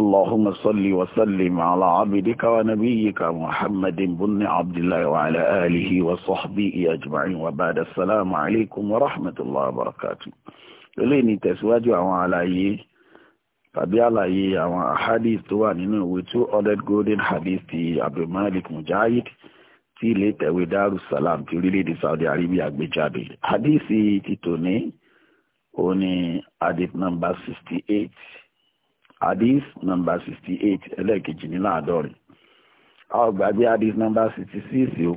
اللهم صل وسلم على عبدك ونبيك محمد بن عبد الله وعلى آله وصحبه أجمعين وبعد السلام عليكم ورحمة الله وبركاته eléyìí tẹ̀síwájú àwọn àlàyé tàbí àlàyé àwọn ahadith tó wà nínú ìwé two hundred golden hadith ti abdulmalik mujahid tí ilé ìtẹ̀wé darussalam ti orílẹ̀-èdè saudi arabia gbé jáde hadith ti tòní òní hadith number sixty eight hadith no 68 eight ẹlẹ́ẹ̀kejì nínú àádọ́rin a ò gbàgbé hadith number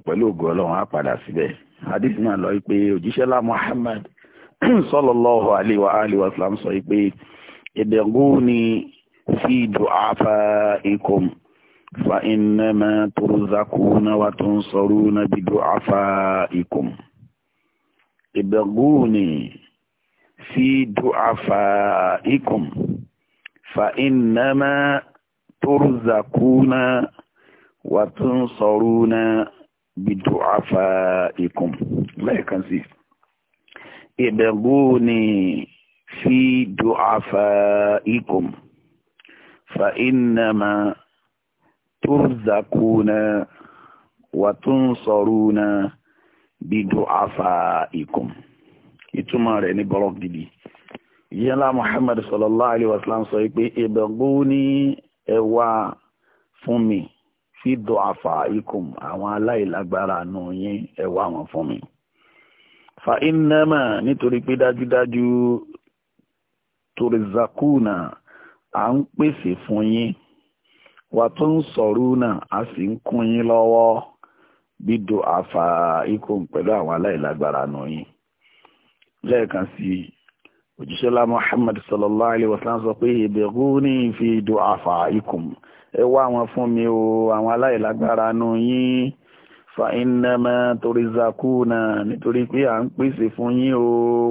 pẹ̀lú ògo ọlọ́run padà síbẹ̀ hadith náà lọ pé òjíṣẹ́ lá Muhammad sallallahu Alịwa Alịwa alihi sọ pé id'uni fi ikom fa فإنما ترزقون وتنصرون بدعفائكم لا سي ابغوني في دعفائكم فإنما ترزقون وتنصرون بدعفائكم ìtumọ̀ rẹ̀ ní bọ́lọ̀ ìyẹ́lá Muhammad sallallahu alayhi wa sallam sọ pé ìbẹ̀gbó ní ẹwà fún mi fi dọ̀ àfà ikùn àwọn aláìlágbára nù yín ẹwà wọn fún mi. fa innama nítorí pé dájúdájú torizakuna à ń pèsè fún yín wà tó ń sọ̀rọ̀ náà a sì ń kún yín lọ́wọ́ bídò àfà ikùn pẹ̀lú àwọn aláìlágbára nù yín lẹ́ẹ̀kan sí i òjíṣẹ́ lá Muhammad sallallahu alayhi wa sallam sọ pé ibghuni fi du'afaikum ẹ wá wọn fún mi o àwọn aláìlágbára nu yín fa innama turzaquna nítorí pé à ń pèsè fún yín o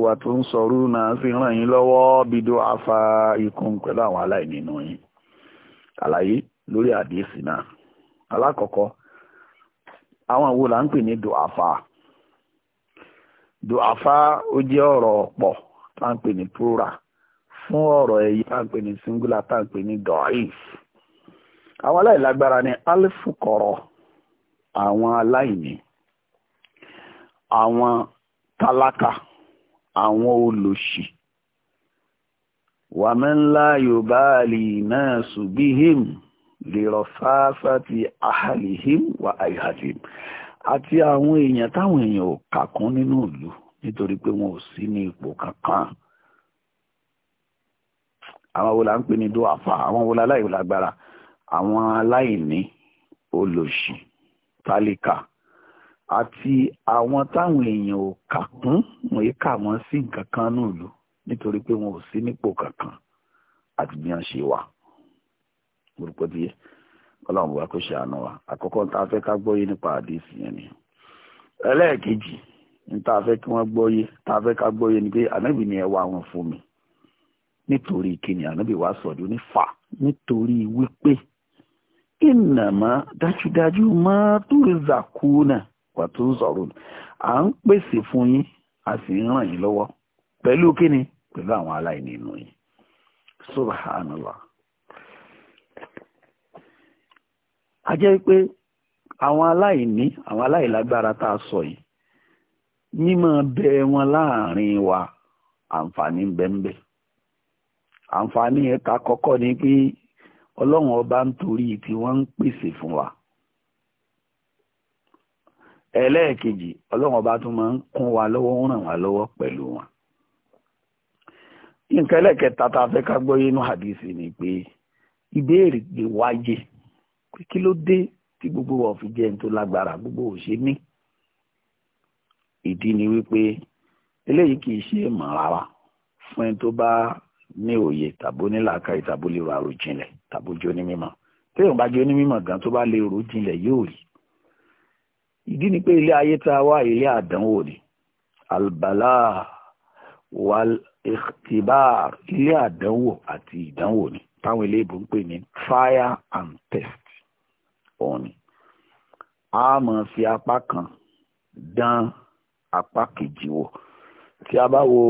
wà tó ń sọrú náà sì ràn yín lọ́wọ́ bi du'afaikum pẹ̀lú àwọn aláìní nu yín àlàyé lórí àdéhìsì náà alákọ̀ọ́kọ́ àwọn wo là ń pè ní du'afa du'afa ó jẹ́ ọ̀rọ̀ ọ̀pọ̀ táǹpẹ̀ ní plural fún ọ̀rọ̀ ẹ̀yẹ táǹpẹ̀ ní singular táǹpẹ̀ ní doif àwọn aláìlágbára ní alifukọrọ àwọn aláìní àwọn tálákà àwọn olòṣì wàmínlá yorùbáàlì náà ṣùgbìhìm lè rọ fáfá ti àhàlìhìm wà àìhàlìm àti àwọn èèyàn táwọn èèyàn ò kàkún nínú ìlú nítorí pé wọn ò sí ní ipò kankan àwọn wo la ń pè ní dó àfà àwọn wo la láì lágbára àwọn aláìní olòṣì tálíkà àti àwọn táwọn èèyàn ò kà kún wọn yìí kà wọn sí nǹkan kan nílùú nítorí pé wọn ò sí nípò kankan àti bí wọn ṣe wà gbòrúkọ díẹ̀ Ọlọ́run bùbá kò ṣe àánú wa àkọ́kọ́ tá a ká gbọ́ yé nípa àdéhùn yẹn ni ẹlẹ́ẹ̀kejì níta fẹ́ kí wọ́n gbọ́yé ta fẹ́ ká gbọ́yé ni pé ànábì ni ẹ wá wọn fún mi nítorí kíni ànábì wá sọ̀dọ̀ ní fà nítorí wípé ìnàmọ́ dájúdájú máa tó zàkú náà wà tó ń sọ̀rọ̀ à ń pèsè fún yín a sì ń ràn yín lọ́wọ́ pẹ̀lú kíni pẹ̀lú àwọn aláìní inú yín subhanallah a jẹ́ pé àwọn aláìní àwọn aláìlágbára tá a sọ yìí mímọ̀ bẹ wọn láàrin wa àǹfààní ń bẹ ń bẹ àǹfààní ẹ̀ka kọ́kọ́ ni pé ọlọ́run ọba ń torí tí wọ́n ń pèsè fún wa ẹlẹ́ẹ̀kejì ọlọ́run ọba tún máa ń kún wa lọ́wọ́ ń ràn wá lọ́wọ́ pẹ̀lú wọn nǹkan ẹlẹ́ẹ̀kẹta tá a fẹ́ ká gbọ́ yínú hadisi ni pé ìbéèrè gbé wáyé pé kí ló dé tí gbogbo wa fi tó lágbára gbogbo òṣè ní ìdí ni wípé eléyìí kì í ṣe mọ̀ rárá fún ẹni tó bá ní òye tàbó nílàákàyè tàbó lè ro àròjinlẹ̀ tàbó jó ní mímọ̀ téèyàn bá jó ní mímọ̀ gan tó bá lè ro jinlẹ̀ yóò rí ìdí ni pé ilé ayé tá a wá ilé àdánwò ni albala wal ikhtibar ilé àdánwò àti ìdánwò ni táwọn iléèbó ń pè ní fire and test òun ni a máa fi apá kan dán apá kejì wò tí a bá wo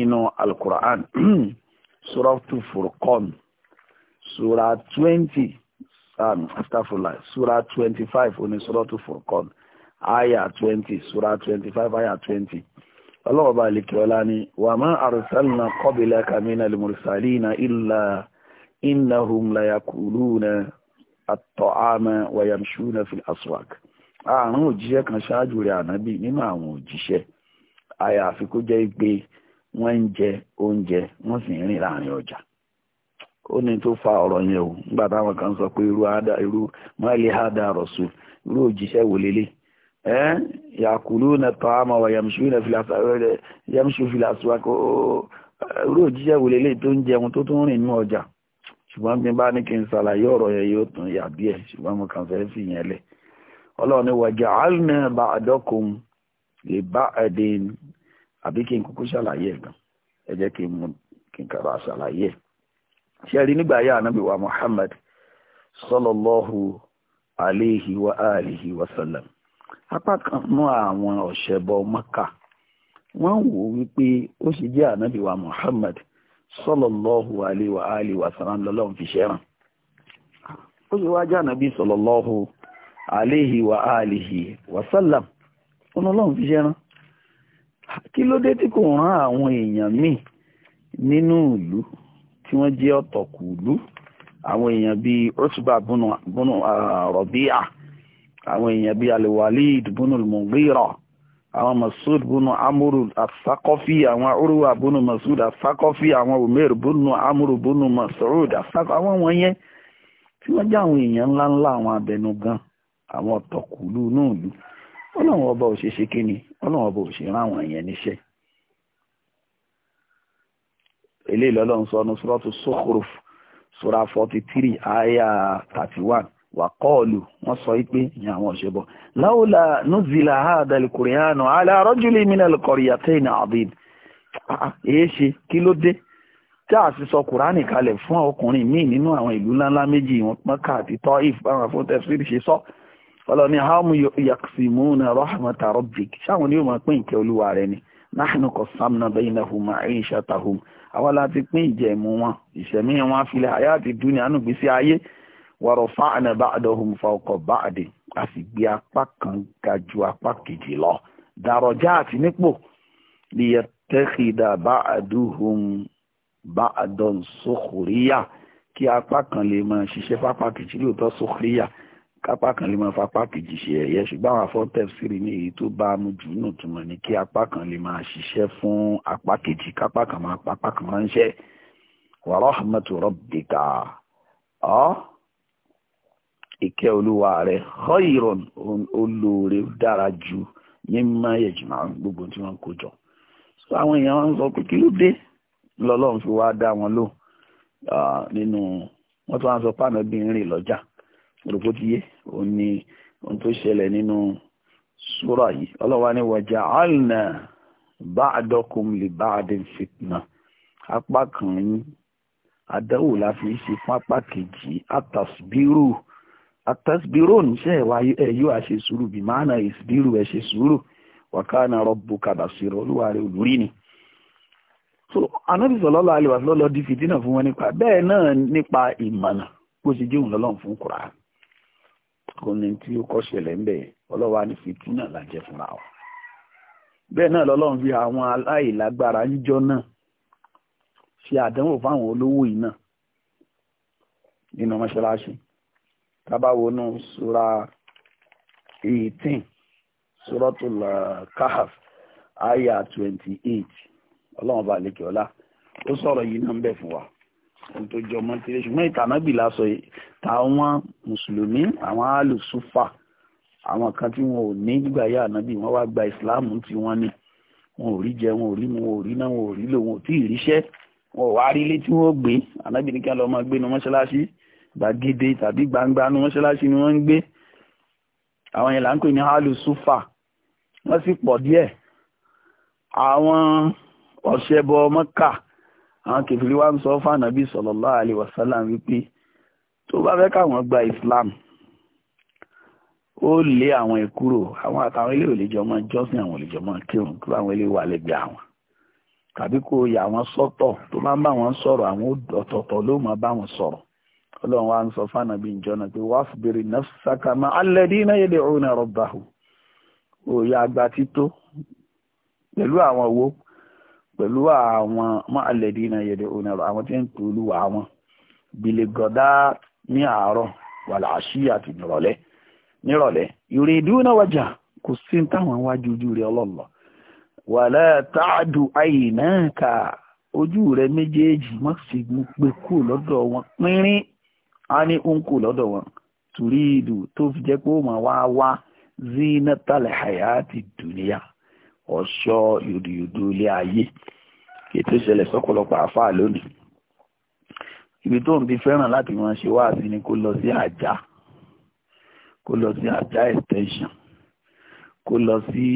inú alukur'an suratu furqan sura twenty um, astagfirullah sura twenty five oní suratu furqan aya twenty sura twenty five aya twenty ọlọ́wọ́ bá lè kíọ́lá ni wà má àrùsálìnà kọ́bìlà kàmínà lèmùrùsálìnà ìlà ìnáhùn làyàkùlù náà àtọ̀ àmà wàyàmṣú náà fi aswak. àrùn òjíṣẹ́ kan ṣáájú rẹ̀ ànábì nínú àwọn òjíṣẹ́ àyàfi kó jẹ́ pé wọ́n ń jẹ oúnjẹ wọ́n sì ń rìn ọjà ó ní tó fa ọ̀rọ̀ yẹn o nígbà táwọn kan sọ pé irú ada ada rọ̀sù irú òjíṣẹ́ wò lélẹ̀ ẹ́ yàkùlù àmọ́ kó irú òjíṣẹ́ wò lélẹ̀ tó ń tó rìn ọjà ṣùgbọ́n bí n bá ní kí n ṣàlàyé ọ̀rọ̀ yẹn yóò tún yà ọlọ́run ni waja'alna ba'dakum li ba'din àbí kí n kúkú ṣàlàyé ẹ jẹ́ kí n mú kí n kàrà ṣàlàyé ẹ̀ ṣẹ́rí nígbà yá ànábì wa Muhammad sallallahu wa alihi wa sallam apá kan nú àwọn ọ̀ṣẹ̀bọ Mọ́kà wọ́n wò wípé ó sì jẹ́ wa Muhammad wa alihi wa sallam lọ́lọ́run fi ṣẹ́ràn ó sì wá jẹ́ ànábì àléhì wà áàlìhì wàsálàm ọ̀nà ọlọ́run fi ṣẹ́ran kí ló dé tí kò rán àwọn èèyàn míì nínú ìlú tí wọ́n jẹ́ ọ̀tọ̀kù ìlú àwọn èèyàn bíi Utba bùnú Rabi'a àwọn èèyàn bíi al-Walid bùnú àwọn Masud bùnú Amuru as àwọn Urwa bùnú Masud as àwọn Umair bùnú Amuru bùnú Mas'ud as-Saqafi àwọn wọ̀nyẹn tí wọ́n jẹ́ àwọn èèyàn ńláńlá àwọn abẹnugan àwọn tọkùlù náà lù ọlọ́run ọba ò ṣe ṣe kíni ọlọ́run ọba ò ṣe ráwọn yẹn níṣẹ́ eléyìí lọ́lọ́run sọ ní sọ́rọ́tù Zukhruf sura forty three aya thirty one wà kọ́ọ̀lù wọ́n sọ pé ní àwọn ọ̀ṣẹ́bọ̀ láwùlà nùzìlà àdàlù kòríyànù àlẹ́ àrọ́júlé mi náà kọ̀rìyà tẹ́yìn àbíd èé ṣe kí ló dé tí a sì sọ kùránì kalẹ̀ fún ọkùnrin míì nínú àwọn ìlú ńláńlá méjì wọn pọ́n káàtì tọ́ if fún tẹ̀síìrì ṣe sọ ọlọ́ni hamu yaqsimuna rahmata rabbik ṣáwọn ni yóò máa pín ìkẹ́ olúwa rẹ ni nahnu qasamna bainahum ma'ishatahum àwọn láti pín ìjẹ̀mú wọn ìṣẹ̀mí wọn fil hayati dunya ànúgbésí ayé wa rafa'na ba'dahum fawqa ba'din a sì gbé kápá kan lè máa fapá kejì ṣe ẹ̀yẹ ṣùgbọ́n àwọn afọ́tẹ́f sì rí ní èyí tó bá mú jù nù túmọ̀ ní kí apá kan lè máa ṣiṣẹ́ fún apá kejì kápá kan máa papá kan máa ń ṣe wa rahmatu rabbika ọ́ ìkẹ́ olúwa rẹ̀ khayrun olóore dára ju mimma yajma'un gbogbo tí wọ́n kó jọ so àwọn èèyàn wọn sọ pé kí ló dé lọ́lọ́run fi wá dá wọn lò nínú wọ́n tún wá sọ pé rògbòdìyẹ òun ni ohun tó ṣẹlẹ̀ nínú súrà yìí ọlọ́wà ni wàjà alna ba'dakum li ba'din fitna apá kan yín àdánwò la fi ṣe fún apá kejì atasbiru atasbiru níṣẹ́ ẹ̀yọ́ àṣẹ sùúrù bí màánà ìsbírù ẹ̀ ṣe sùúrù wàkánà rabbuka basira olúwa rẹ̀ olùrí ni so anabi sallallahu alaihi wasallam lọ di fìtínà fún wọn nípa bẹ́ẹ̀ náà nípa ìmọ̀nà bó ṣe jẹun lọ́lọ́run fún Kùránì kò ní tí ó kọ́ ṣẹlẹ̀ ń bẹ̀ ọlọ́wà ní fìtínà lájẹ́ fúnra wa bẹ́ẹ̀ náà lọ́lọ́run fi àwọn aláìlágbára ń jọ náà ṣe àdánwò fáwọn olówó yìí náà nínú mọ́ṣáláṣí tábàwò nù sura eighteen suratul kahf aya twenty eight ọlọ́run bá lè kí ọlá ó sọ̀rọ̀ yìí náà ń bẹ̀ fún wa tó jọ mọ́ tẹ́lẹ̀ ṣùgbọ́n ìtànábì lásọ yìí táwọn mùsùlùmí àwọn alùsùfà àwọn kan tí wọn ò ní nígbà yá ànábì wọn wá gba ìsìláàmù tí wọn ní wọn ò rí jẹ wọn ò rí mu wọn ò rí náà wọn ò rí lò wọn ò tí ì ríṣẹ́ wọn ò wá rí ilé tí wọn ò gbé ànábì ní kí wọn lọ máa gbé nu mọ́ṣáláṣí gbàgede tàbí gbangba nu mọ́ṣáláṣí ni wọ́n ń gbé àwọn yẹn là ń pè ní alùsùfà wọ́n sì pọ̀ díẹ̀ àwọn ọ̀ṣẹ́bọ mọ́kà àwọn kèfìrí wa ń sọ fànàbí sallallahu alaihi wasallam wípé tó bá fẹ́ káwọn gba islam ó lé àwọn ẹ̀ kúrò àwọn àtàwọn ilé òlejò ọmọ jọ́sìn àwọn òlejò ọmọ kírun kí àwọn ilé wà lẹ́gbẹ̀ẹ́ àwọn tàbí kó yà wọ́n sọ́tọ̀ tó bá ń bá wọn sọ̀rọ̀ àwọn ọ̀tọ̀ọ̀tọ̀ ló máa bá wọn sọ̀rọ̀ ọlọ́run wa ń sọ fànàbí ìjọ́nà pé wasbiri nafsaka ma alladina yad'una rabbahum òòyà àgbà tító pẹ̀lú àwọn owó pẹ̀lú àwọn máàlẹ́dí náà yẹ̀dẹ̀ onírọ̀ àwọn tí ń pè olúwa wọn bìlẹ̀gọ̀dá ní àárọ̀ wàlàṣí àti nírọ̀lẹ́ nírọ̀lẹ́ ìrèdí náà wájà kò sí táwọn wájú ojú rẹ ọlọ́lọ́ wàlẹ́ táàdù àyìnáka ojú rẹ méjèèjì má sì gbé kú lọ́dọ̀ wọn pínrín á ní ó ń kú lọ́dọ̀ wọn tùrí ìdù tó fi jẹ́ pé ó máa wá wá zinatal hayati dunya ọ̀ṣọ́ yòdòyòdò ilé ayé ètò ìṣẹ̀lẹ̀ sọ́pọ̀lọpọ̀ àfáà lónìí ibi tó ń bi fẹ́ràn láti wọn ṣe wá sí ni kó lọ sí àjà kó lọ sí àjà extension kó lọ sí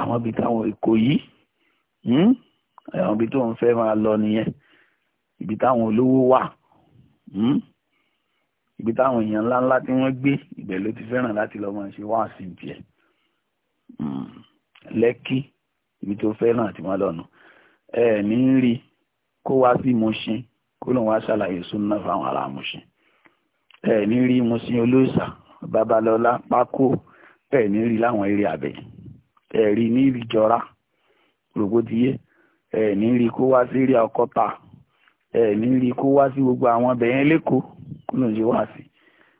àwọn ibi táwọn èkó yìí hmm? àwọn ibi tó ń fẹ́ máa lọ nìyẹn ibi táwọn olówó wà hmm? ibi táwọn èèyàn ńláńlá tí wọ́n gbé ibẹ̀ ló ti fẹ́ràn láti lọ máa ṣe wá sí tiẹ̀ Hmm. lẹ́kí ibi tó fẹ́ràn àti wọn lọ́nu ẹ ní rí kó wá sí Mùṣín kó lóun wá ṣàlàyé súnná fáwọn ará Mùṣín ẹ ní rí Mùṣín olóòṣà babalọ́lá pákó ẹ ní rí láwọn eré abẹ ẹ rí ní ìjọra rògbòdìyẹ ẹ ní rí kó wá sí eré ọkọta ẹ ní rí kó wá sí gbogbo àwọn abẹyẹn lẹ́kọ̀ọ́ kó lóun ṣe wá sí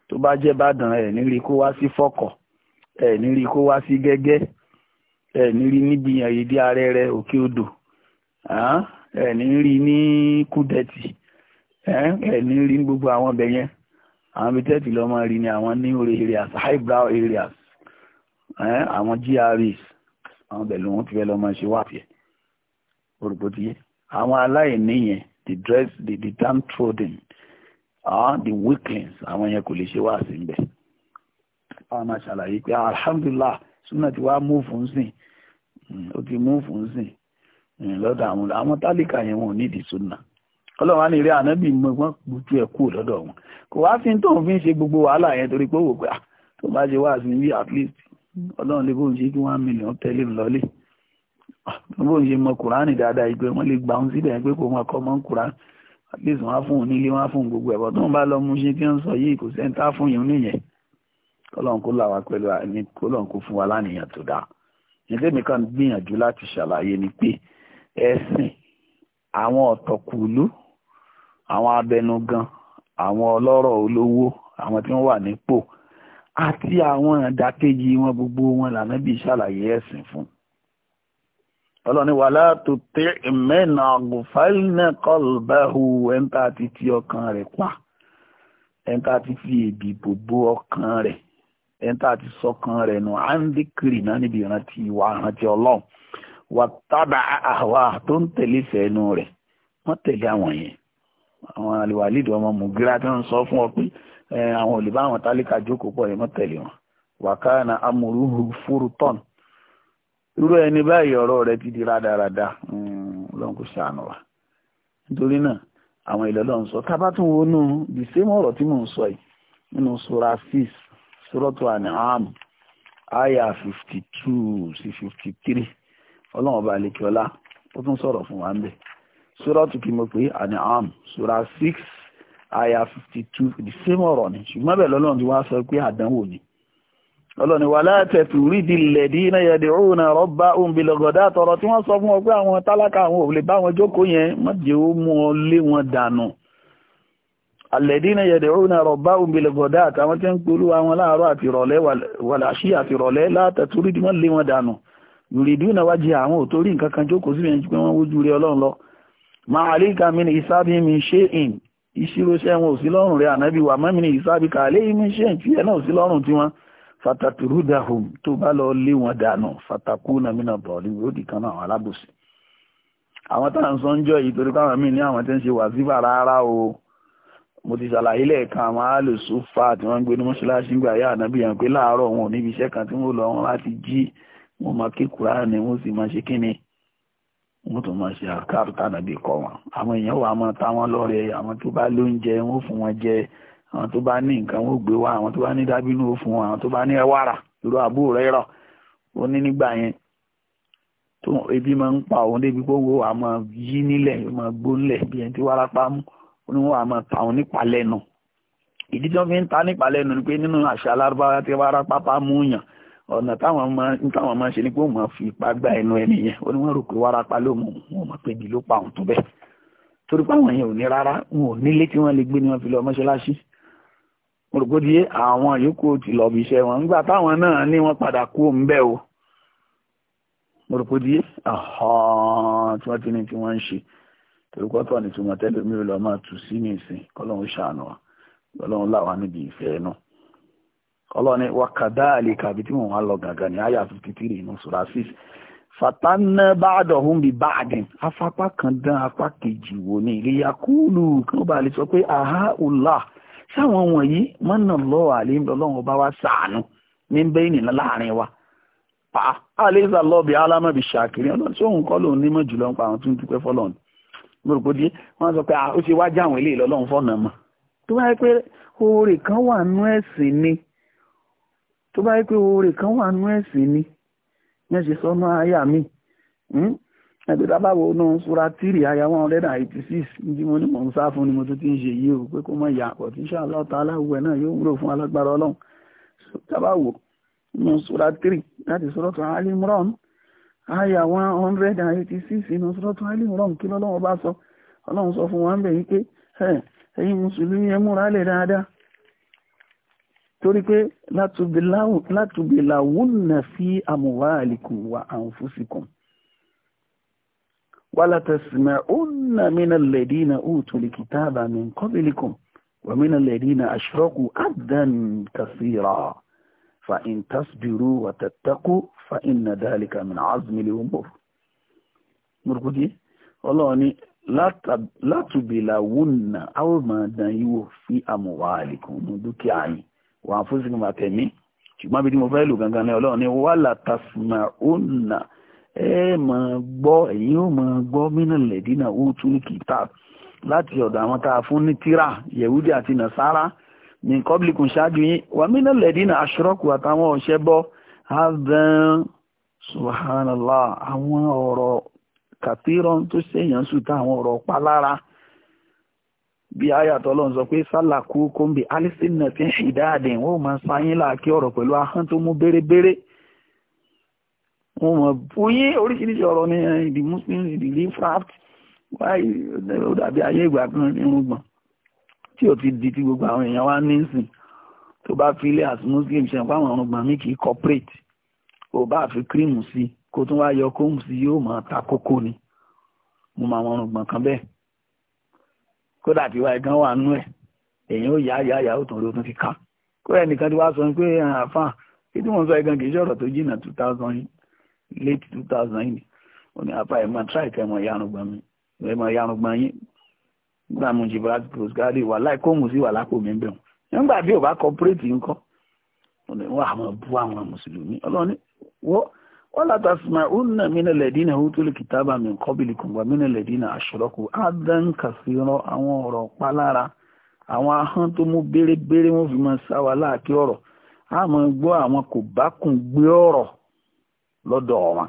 tó bá jẹ́ bàdàn ẹ rí kó wá sí fọ́kọ̀ọ́ ẹ̀ nírí kó wá sí gẹ́gẹ́ ẹ̀ nírí níbi àyèdí arẹrẹ òkè odò ẹ̀ nírí ní kúdẹ̀tì ẹ̀ nírí ní gbogbo àwọn ibẹ̀ yẹn àwọn ibi tẹ́tì lọ́mọ rí ni àwọn ní orí areas high brow areas àwọn GRAs àwọn bẹ̀lú wọn ti fẹ́ lọ́mọ ṣe wà fìyẹ orúkọ ti yé àwọn aláìní yẹn the dress the the trodden, ah the weaklings àwọn yẹn kò lè ṣe wá sí ń àwọn máa ṣàlàyé pé ah, alhamdulillah súnà ti wá mú fún sìn hmm, ó ti mú fún sìn hmm, lọ́dọ̀ àwọn àwọn tálíkà yẹn wọn ò nídìí súnà ọlọ́run á lè rí ànábì mọ wọn gbójú ẹ̀ kúrò lọ́dọ̀ wọn kò wá sí tóun fi ń ṣe gbogbo wàhálà yẹn torí pé wò pé ah, tó bá ṣe wá sí bí at least ọlọ́run lè bóun ṣe kí one million tẹ́lẹ̀ ń lọlé ah, bóun ṣe mọ kùránì dáadáa ìgbé wọn lè gbà ń síbẹ̀ pé kò mọ ọkọ mọ kùránì at least wọn á fún un nílé wọn á fún un gbogbo ẹ̀bọ̀ tóun bá lọ mú ṣe tí wọ́n sọ yìí kò sẹ́ńtà fún yìí nìyẹn kọ́lọ́n kó là pẹ̀lú àní kọ́lọ́n kó fún wa lánìyàn tó dáa nítorí nìkan gbìyànjú láti ṣàlàyé ni pé ẹ̀sìn àwọn ọ̀tọ̀kùlú àwọn abẹnugan àwọn ọlọ́rọ̀ olówó àwọn tí wọ́n wà nípò àti àwọn ìdàkejì wọn gbogbo wọn lànà bí ṣàlàyé ẹ̀sìn fún ọlọ́ni wà látò tẹ mẹ́nà àgùnfàìlínà kọlbẹ́hù ẹ̀ńtà ti ti ọkàn rẹ̀ pa ẹ̀ńtà ti fi èdìbò bo ọkàn rẹ̀ ẹni tá a ti sọkàn rẹ̀ nù andikiri náà níbi ìrántí wa àrántí ọlọ́run wà tábà àwa tó ń tẹ̀lé fẹ́ẹ́nu rẹ̀ wọ́n tẹ̀lé àwọn yẹn àwọn àlewàlídì ọmọ mùgírà tó ń sọ fún ọ pé àwọn olùbá àwọn tálíkà jókòó pọ̀ yẹn wọ́n tẹ̀lé wọn wàkàna amòrúhu fúrutọ́n irú ẹni báyìí ọ̀rọ̀ rẹ̀ ti di rádaràda hmm, lọ́n kò sànù wa nítorí náà àwọn ìlọ́lọ́ ń sọ tábà tún wọnú the same ọ̀rọ̀ tí mò ń sọ yìí nínú six Suratu An'am àyà fifty two sí fifty three ọlọ́run ọba àlekè ọlá ó tún sọ̀rọ̀ fún wa ń bẹ̀ Suratu kí mo pè An'am sura six àyà fifty two the same ọ̀rọ̀ ni ṣùgbọ́n bẹ́ẹ̀ lọ́lọ́run ti wá sọ pé àdánwò ni ọlọ́ni wà látẹ̀tù rídì lẹ̀dí iná yẹ̀dẹ̀ òun náà rọ́bà òun bí tọrọ tí wọ́n sọ fún ọ pé àwọn tálákà àwọn ò bá wọn jókòó yẹn má alladhina yad'una rabbahum bil ghadati àtàwọn tí ń polú àwọn láàárọ̀ àti ìrọ̀lẹ́ wal ashi àti ìrọ̀lẹ́ látàtúrí tí wọ́n lé wọn dànù yuriduna wajha àwọn ò torí nǹkan kan jókòó síbi ẹni pé wọ́n wojú rí ọlọ́run lọ ma alayka min hisabi min shay'in ìṣirọ́ṣẹ́ wọn ò sí lọ́rùn rẹ̀ ànábì wà ma min hisabika alayhim min mina bọ̀ọ̀lì ó dì kan náà alábòsí àwọn táwọn sọ ń jọ yìí torí káwọn míì tí ń ṣe wàzífà mo ti ṣàlàyé lẹ́ẹ̀kan àwọn alòsù fa tí wọ́n ń gbé ní mọ́ṣáláṣí gbà yá ànábì yẹn pé láàárọ̀ wọn ò níbi iṣẹ́ kan tí wọ́n lọ wọn láti jí wọn máa ké kúránì wọn sì máa ṣe kíni wọn tún máa ṣe àkàrù tànàbì kọ wọn àwọn èèyàn wà máa ta wọn lọ́rẹ àwọn tó bá lóúnjẹ wọn fún wọn jẹ àwọn tó bá ní nǹkan wọn gbé wá àwọn tó bá ní dábínú fún wọn àwọn tó bá ní ẹwàrà ni wọ́n á máa ta àwọn nípa lẹ́nu ìdí tí wọ́n fi ń ta nípa lẹ́nu ni pé nínú àṣà alárúbáwá tí wọ́n ara pápá mú yàn ọ̀nà táwọn máa ń ṣe ni pé wọ́n máa fi ipá gba ẹnu ẹni yẹn ó ní wọ́n rò pé wárápá ló mú wọn mọ̀ pé ibi ló pa òun tó bẹ́ẹ̀ torí pé àwọn yẹn ò ní rárá wọn ò nílé tí wọ́n lè gbé ni wọ́n fi lọ mọ́ṣáláṣí mo rò pé di àwọn yòókù ti lọ bí iṣẹ́ wọn nígbà táwọn náà ní wọ́n padà kú òun bẹ́ẹ̀ o mo rò pé di tí wọ́n ti ní tí wọ́n ń ṣe torúkọ́tọ̀ ní túmọ̀ tẹ́lẹ̀ mi ò lọ máa tù sí ní ìsìn kọ́lọ́hún ṣàánú wa kọ́lọ́hún làwọn níbi ìfẹ́ náà ọlọ́ni wakàdá àlèkà bí tí wọ́n wá lọ gàgà ní àyà 53 inú sura 6 fatanna ba'dahum bi ba'din afápá kan dán apá kejì wò ní ilé yakulu kí wọ́n bá lè sọ pé aha ula sáwọn wọ̀nyí mọ́nà lọ́wọ́ àlèm lọ́lọ́run ọba wa sàánú ní bẹ́ẹ̀nì láàrin wa pa àlèzà lọ́ọ̀bì alámọ̀bì ṣàkiri ọlọ́run tí òun kọ́ lòun nímọ̀ jùlọ ń pa àwọn tó ń dúpẹ́ fọ́lọ́run mo rò pé di wọ́n sọ pé ó ṣe wá jáwọn eléyìí lọ́lọ́run fọ́nà mọ́ tó bá yẹ pé oore kan wà nú ẹ̀sìn ni tó bá yẹ pé oore kan wà nú ẹ̀sìn ni yẹn ṣe sọnù àyà mi ẹgbẹ́ tá a bá wo nù sura tírì àyà one hundred and eighty six ní mo ní mò ń sá fún ni mo tún ti ń ṣe yìí o pé kó mọ̀ ìyá àpọ̀ tí insha Allah ta'ala ẹ̀ náà yóò wúlò fún alágbára ọlọ́run tá nù sura láti suratu Al àyà one hundred and eighty six inú sọ́tún alẹ́ ìrọ̀rùn kí lọ́lọ́run bá sọ ọlọ́run sọ fún wa ń bẹ̀ yí pé ẹ̀yin mùsùlùmí ẹ múra lẹ̀ dáadáa torí pé látùbìláwùnà fi àmùwá àlìkù wà àǹfùsìkùn wàlàtàsìmẹ̀ ònà mìnà lẹ̀dínà òtún lè kìtàbà min kọ́bìlìkùn wà mìnà lẹ̀dínà àṣírọ́kù àdán kàṣírà fa in tasbiru fa inna dhalika min azmil umur mọ̀rùkútí ọlọ́run ní látùbìlà wùnà àwòmọ̀dán yíwò fi àmùwà àlìkùn ní dúkìá yìí wà fún sínú àtẹ̀mí ṣùgbọ́n bí mo fẹ́ lù gangan ní ọlọ́run ní wàlà tasma ònà ẹ máa gbọ́ ẹ̀yin ó máa gbọ́ mínàlẹ̀ dínà utul kitab láti ọ̀dọ̀ àwọn tá a fún ní tíra yẹ̀wúdí àti nàṣárá ní kọ́bílìkùn ṣáájú yín wà mínàlẹ̀ dínà aṣọ́rọ́kù àtàwọn ọ̀ṣẹ́ bọ́ adán subhanallah àwọn ọ̀rọ̀ kàtírọ̀ tó ṣèyàn sùtà àwọn ọ̀rọ̀ palára bí ayàtọ̀ ọlọ́run sọ pé sálàkú kóńbì alísínà ti ń ṣìdáàdìn wọn ò máa sáyín láàkí ọ̀rọ̀ pẹ̀lú ahọ́n tó mú bérebére wọn mọ̀ bóyé oríṣiríṣi ọ̀rọ̀ ní ìdí eh, muslim ìdí lifraft wáyé eh, ó dàbí ayé ìgbà kan nírúgbọ̀n tí ò ti di ti gbogbo àwọn èèyàn wá nísìn tó bá filẹ̀ as muslim ṣe pé àwọn ọ̀rùngbọ̀n mi kì í corporate ò bá fi kírìmù sí kó tún wá yọ kóhùn sí yóò máa ta kókó ni mo máa wọn rùngbọ̀n kan bẹ́ẹ̀ kódà tí wáyé gan wà nú ẹ̀ èèyàn ó yá yá yá ó tún rí o tún fi ká kó ẹnìkan ti wá sọ pé àáfà kí tí wọ́n sọ ẹ̀gan kì í ṣọ̀rọ̀ tó jìnnà two thousand late two thousand yìí ó ní àáfà ẹ̀ máa tíráì kẹ́ ẹ̀ mọ̀ yarùngbọ̀n mi ẹ̀ mọ̀ yarùngbọ̀n yín nígbà mo jì bá postgrad wà láì kóhùn sí wà lápò mi bẹ̀rù nígbà tí ò bá corporate ńkọ́ ó ní wọ́n àwọn bú àwọn mùsùlùmí ọlọ́ni wala tasma'unna min alladhina utul kitaba min qablikum wa min alladhina àwọn àwọn ahọ́n tó mú bérebére wọn fi máa sá wa láàkí ọ̀rọ̀ a máa gbọ́ àwọn kò bá kùn gbé ọ̀rọ̀ lọ́dọ̀ wọn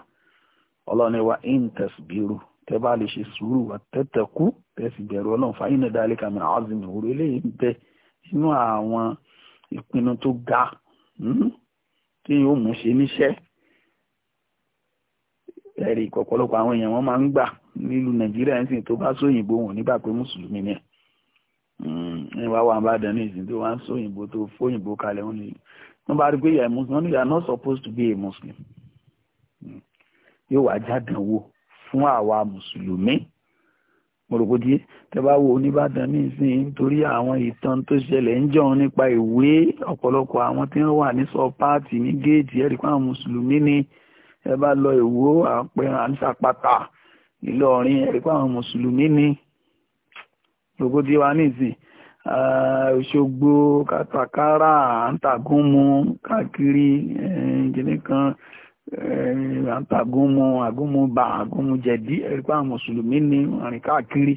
ọlọ́ni wa in tasbiru bá lè ṣe sùúrù ga hmm, tí yóò ẹ̀rí ọ̀pọ̀lọpọ̀ àwọn èèyàn wọ́n máa ń gbà nílùú nàìjíríà ń sìn tó bá sóyìnbó wọn nígbà pé mùsùlùmí ni ẹ̀ hmm, wá wà bá dání ìsìn tó wá ń sóyìnbó tó fóyìnbó kalẹ̀ wọn ni wọ́n bá rí pé yà mùsùlùmí wọn ni you are not supposed to be a muslim hmm, yóò wá jádànwó fún àwa mùsùlùmí mọ̀rọ̀kọ́dí tẹ bá wo oníbàdàn ní ìsìn nítorí àwọn ìtàn tó ṣẹlẹ̀ ń jọun nípa ìwé ọ̀pọ̀lọpọ̀ àwọn tí wọ́n wà ní sọ páàtì ní géètì ẹ̀rí àwọn mùsùlùmí ni. So ẹ bá lọ ìwó àpẹran àǹsàpàtà ìlọrin ẹ̀rí pé àwọn mùsùlùmí ni gbogbo tí wàá nìsín Òṣogbo kátàkárà àǹtàgúnmu káàkiri ìjìnlẹ̀ kan àǹtàgúnmu àgúnmubà àgúnmujẹ̀dí ẹ̀rí pé àwọn mùsùlùmí ni àrìn káàkiri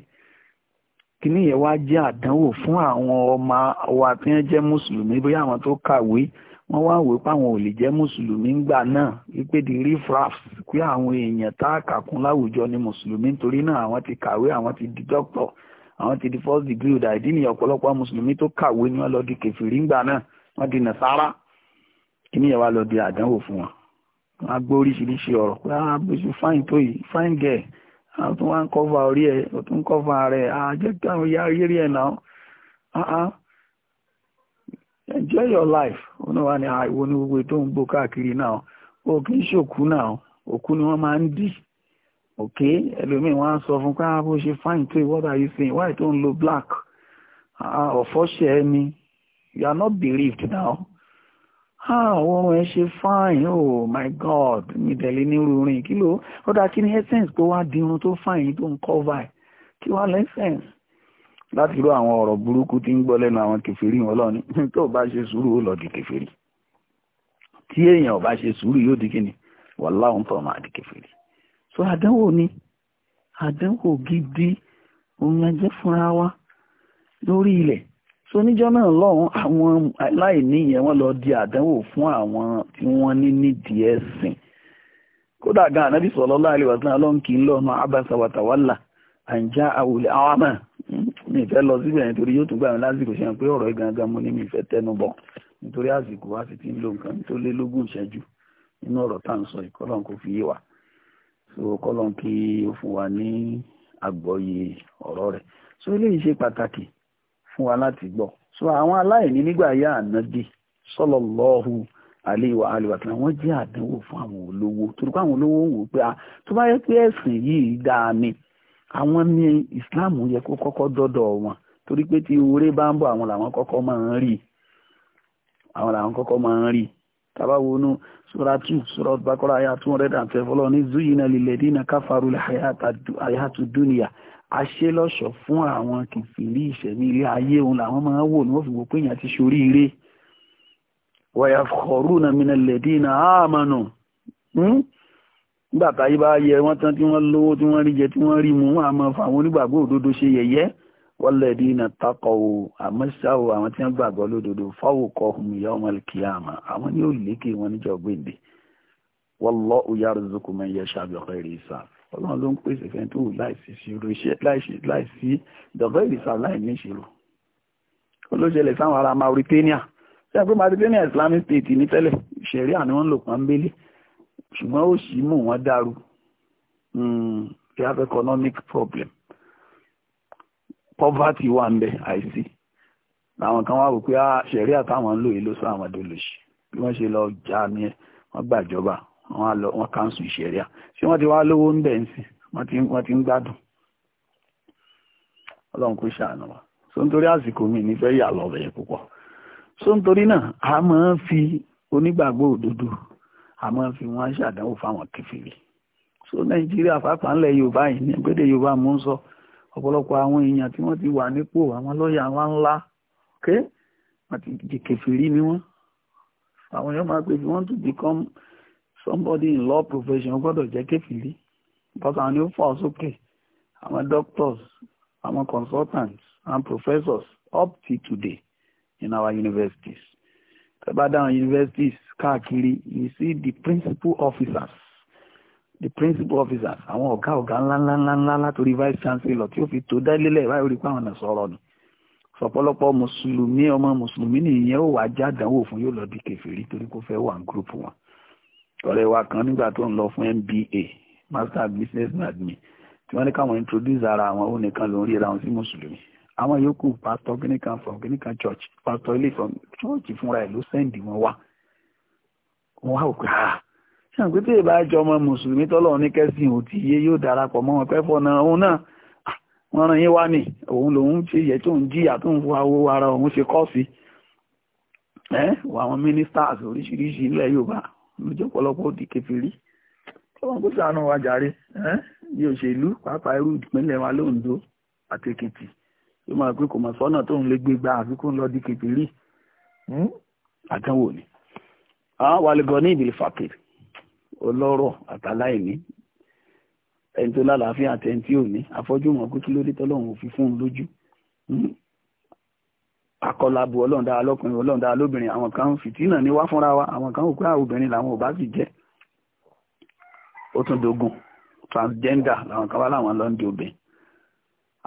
kíní yẹn wá jẹ́ àdánwò fún àwọn ọmọ wa tí wọ́n jẹ́ mùsùlùmí bóyá àwọn tó kàwé wọ́n wá wò páwọn ò lè jẹ́ mùsùlùmí ńgbà náà wípé the riffraff pé àwọn èèyàn tá a kà kún láwùjọ ni mùsùlùmí nítorí náà àwọn ti kàwé àwọn ti di dókítọ̀ àwọn ti di first degree ọ̀dà ìdí nìyẹn ọ̀pọ̀lọpọ̀ mùsùlùmí tó kàwé ni wọ́n lọ di kẹfìrí ńgbà náà wọ́n di nàṣàrà kí nìyẹn wá lọ di àdánwò fún wọn. wọ́n á gbọ́ oríṣiríṣi ọ̀rọ̀ pé a ah, bó ṣe fáìn tó yìí fáìn gẹ̀ a wá ń ah, kọ́fà enjoy your life oníwà ni àìwo ni gbogbo tó ń gbó káàkiri náà o kì í ṣòkú náà òkú ni wọ́n máa ń dì òkè ẹlòmíì wọ́n á sọ fún pé ah, bó ṣe fine tó what are you saying why tó ń lo black ah, ọ̀fọ́ ṣe ẹ ni you are not believed now àwọn ah, ẹ ṣe fine oh my god mi tẹ̀lé nírú rìn kí ló ó dáa kí ni essence kó wá dirun tó fine tó ń cover kí wá lessence láti rú àwọn ọ̀rọ̀ burúkú tí ń gbọ́ lẹ́nu àwọn kẹfìrí wọn lọ́ni tó bá ṣe sùúrù ó lọ di kẹfìrí tí èèyàn bá ṣe sùúrù yóò di kíni tó máa di kẹfìrí so àdánwò ni àdánwò gidi òun ajẹ́ fúnra wa lórí ilẹ̀ níjọ́ náà lọ́hùn àwọn aláìní yẹn wọ́n lọ di àdánwò fún àwọn tí wọ́n ní nídìí ẹ̀sìn kódà gan mi ìfẹ́ lọ síbẹ̀ nítorí yóò tún gbà mí lásìkò ṣe hàn pé ọ̀rọ̀ gangan mo ní mi ìfẹ́ tẹnu bọ̀ nítorí àsìkò wa sì ti ń lo nǹkan tó lé lógún ìṣẹ́jú nínú ọ̀rọ̀ tá à ń sọ kò fi yé wa so kọlọ́n kí ó fún wa ní àgbọ́yé ọ̀rọ̀ rẹ̀ so eléyìí ṣe pàtàkì fún wa láti gbọ́ so àwọn aláìní nígbà yá ànábì sọlọ́lọ́hu àléwà àléwà tí wọ́n jẹ́ àdánwò fún àwọn olówó torí pé àwọn olówó pé ah, tó bá yẹ pé ẹ̀sìn yìí dáa ni àwọn ní Islam yẹ kó kọ́kọ́ dọ́dọ̀ wọn torí pé tí oore bá ń bọ̀ àwọn làwọn kọ́kọ́ máa ń rí àwọn làwọn kọ́kọ́ máa ń rí tábà wọnú sura two sura bakora aya two hundred and twelve ọlọ́run ní zuyina lilledina káfàrú hayatu duniya aṣelọ́ṣọ̀ fún àwọn kìfìrí ìṣẹ̀mí ilé ayé òun làwọn máa ń wò ní wọ́n fi wò pé èèyàn ti ṣoríire wàyà kọ̀rú na mina lẹ́dínà àmànù nígbà táyé bá yẹ wọ́n tán tí wọ́n lówó tí wọ́n rí jẹ tí wọ́n rí mu wọ́n á máa fa àwọn onígbàgbọ́ òdodo ṣe yẹ̀yẹ́ walladina taqaw àmọ́ ṣá o àwọn tí wọ́n gbàgbọ́ lódodo fawqahum yawmal qiyamah àwọn ni ó lékè wọn níjọ́ gbèǹde wallahu yarzuqu man yasha'u bighairi hisab ọlọ́run ló ń pèsè fẹ́ tó láìsí ìṣirò iṣẹ́ láìsí láì ní ìṣirò olóṣèlè sáwọn ará Mauritania ṣe àpé Mauritania Islamic State ní tẹ́lẹ̀ ìṣẹ̀rí àníwọ̀n ṣùgbọ́n ó sì mú wọn dàrú hmm, they have economic problem poverty wà ń bẹ àìsí àwọn kan wá wò pé ah, ṣẹ̀rí àtàwọn ń lò yìí ló sọ àwọn adolóṣì bí wọ́n ṣe lọ jà ní ẹ wọ́n gbàjọba wọ́n kánṣu ìṣẹ̀rí à ṣé wọ́n ti wá lówó ń bẹ̀ ń sìn wọ́n ti ń gbádùn ọlọ́run kò ṣàánú wa so nítorí àsìkò mi nífẹ̀ẹ́ yà lọ́ọ̀bẹ̀ yẹn púpọ̀ so nítorí náà a máa ń fi onígbàgbọ́ òdodo a máa fi wọ́n ṣàdánwò fáwọn kẹfìrí so nàìjíríà pàápàá ńlẹ̀ yorùbá yìí ní ẹgbẹ́dẹ̀ yorùbá mú ń sọ ọ̀pọ̀lọpọ̀ àwọn èèyàn tí wọ́n ti wà nípò àwọn lọ́ọ̀yà ńlá ńlá ké wọ́n ti di kẹfìrí ni wọ́n àwọn èèyàn máa pè fi wọ́n to become somebody in law profession gbọ́dọ̀ jẹ́ kẹfìrí because àwọn ni ó fà ọ́ sókè àwọn doctors àwọn consultants and professors up till today in our universities tẹ́ bá dáhùn universities káàkiri you see the principal officers the principal officers àwọn ọ̀gá ọ̀gá ńláńláńlá látòrí vice chancellor tí ó fi tó dálélẹ̀ báyìí rí pàwọn sọ̀rọ̀ ni sọ̀pọ̀lọpọ̀ mùsùlùmí ọmọ mùsùlùmí nìyẹn ó wà jádàánwò fún yóò lọ di kẹfìrí torí kó fẹ́ wà ní gúrùpù wọn ọ̀rẹ́ wa kan nígbà tó ń lọ fún MBA master of business and admin tí wọ́n ní káwọn introduce ara àwọn ó nìkan ló ń ríra wọn sí mùsùlùmí àwọn yòókù pastor kìnìkan from kìnìkan church pastor ilé from church fúnra ẹ̀ ló sẹ́ǹdì wọn wá mo wá òkè ha ṣáà pé tí èbá jọ ọmọ mùsùlùmí tọ́lọ̀ ní kẹ́sìn ò ti yé yóò darapọ̀ mọ́ wọn pẹ́fọ́ náà òun náà ah, wọ́n rán yín wá ní òun lòun ṣe yẹ tóun jìyà tóun fún awo ara òun ṣe kọ́ sí ẹ́ wọ àwọn ministers oríṣiríṣi ilẹ̀ Yorùbá lójó pọ̀lọpọ̀ òdì kẹfìrí tọ́wọ́n kó sànù wa jàre ẹ́ bí òṣèlú pàápàá irú ìpínlẹ̀ wa lóǹdó àti yóò máa pé kò mọ̀ sọ́nà tóun lè gbé wàlúgọ ní ìbìlì fàkìr ọlọ́rọ̀ àtàláìní ẹni tó lálàáfíà àti ẹni tí ò ní àfọ́jú wọn kó kí ló dé tọ́lọ́run òfin fún un lójú hmm? akọlàbù ọlọ́ọ̀dá alọ́kùnrin ọlọ́ọ̀dá lóbìnrin àwọn kan fìtínà ní wá fúnra wa àwọn kan òkú ah, obìnrin làwọn ò bá sì jẹ́ ó tún dogun transgender làwọn kan wá láwọn lọ́ndì obìnrin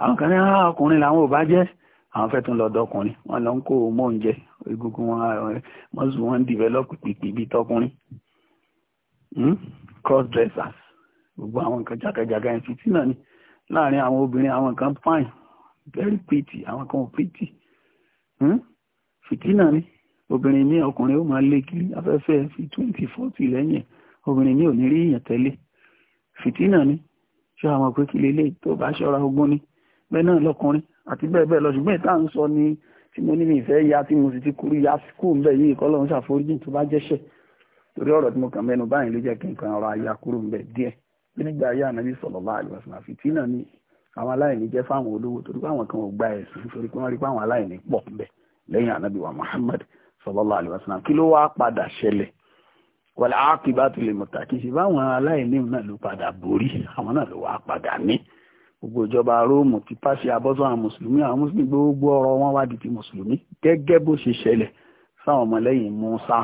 àwọn kan ní ah, ọkùnrin làwọn ò bá jẹ́ àwọn fẹ́ tún lọ dọkùnrin wọn lọ ń kó mọ́ oúnjẹ egungun wọn mọ́sù wọn ń dìvẹ́lọ́pù pìpì bíi tọkùnrin hmm? cross dressers gbogbo àwọn nǹkan jákèjàgà yẹn fìtínà ni láàrin àwọn obìnrin àwọn nǹkan fine very pretty àwọn kan ò pretty hmm? fìtínà ni obìnrin ní ọkùnrin ó máa lé kiri afẹ́fẹ́ fi twenty forty lẹ́yìn obìnrin ní ò ní rí èèyàn tẹ́lẹ̀ fìtínà ni ṣé àwọn pé kí lélẹ́yìn tó bá ṣọ́ra ogún ni bẹ́ẹ̀ náà lọ́kùnrin àti bẹ́ẹ̀ bẹ́ẹ̀ lọ ṣùgbọ́n ìta ń sọ ni tí mo ní mi ìfẹ́ ya tí mo sì ti kúrú ya kú ń bẹ̀ yìí kọ́lọ́run ṣàforíjì tó bá jẹ́ṣẹ̀ torí ọ̀rọ̀ tí mo kàn mẹ́nu báyìí ló jẹ́ kí n kan ọ̀rọ̀ aya kúrò ń bẹ̀ díẹ̀ bí nígbà ayé ànábì sallallahu alaihi wasallam fìtínà ni àwọn aláìní jẹ́ fáwọn olówó torí pé àwọn kan ò gba ẹ̀sìn torí pé wọ́n rí pé aláìní pọ̀ ń bẹ̀ lẹ́yìn ànábì wa Muhammad sallallahu alaihi wasallam kí ló wá padà ṣẹlẹ̀ wal aqibatu lil muttaqin ṣe báwọn aláìní náà ló padà borí àwọn náà ló wá padà ní gbogbo ìjọba róòmù ti pàṣẹ abọ́sọ̀ àwọn mùsùlùmí àwọn mùsùlùmí gbogbo ọ̀rọ̀ wọn wá di ti mùsùlùmí gẹ́gẹ́ bó ṣe ṣẹlẹ̀ sáwọn ọmọlẹ́yìn Mùsá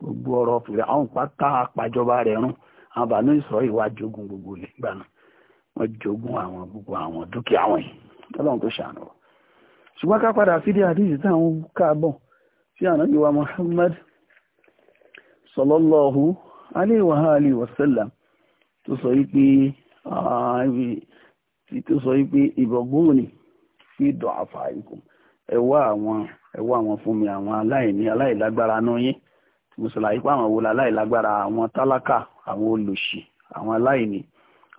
gbogbo ọ̀rọ̀ fìrẹ́ àwọn pátá àpàjọba rẹ̀ rún àwọn bàánú ìsọ̀rọ̀ ìwà jogun gbogbo ilẹ̀ gbà náà wọ́n jogun àwọn gbogbo àwọn dúkìá wọn yìí tó ṣàánú wọn. ṣùgbọ́n ká padà sí Muhammad sallallahu alayhi wa alihi wa sallam tó sọ yìí pé ah, tí tó sọ wípé ìbọ̀gbọ́n ni fi dọ̀ àfàìkù ẹ wá àwọn ẹ wá àwọn fún mi àwọn aláìní aláìlágbára náà yín tí mo sọ̀rọ̀ àyípa àwọn wòlá aláìlágbára àwọn tálákà àwọn olòṣì àwọn aláìní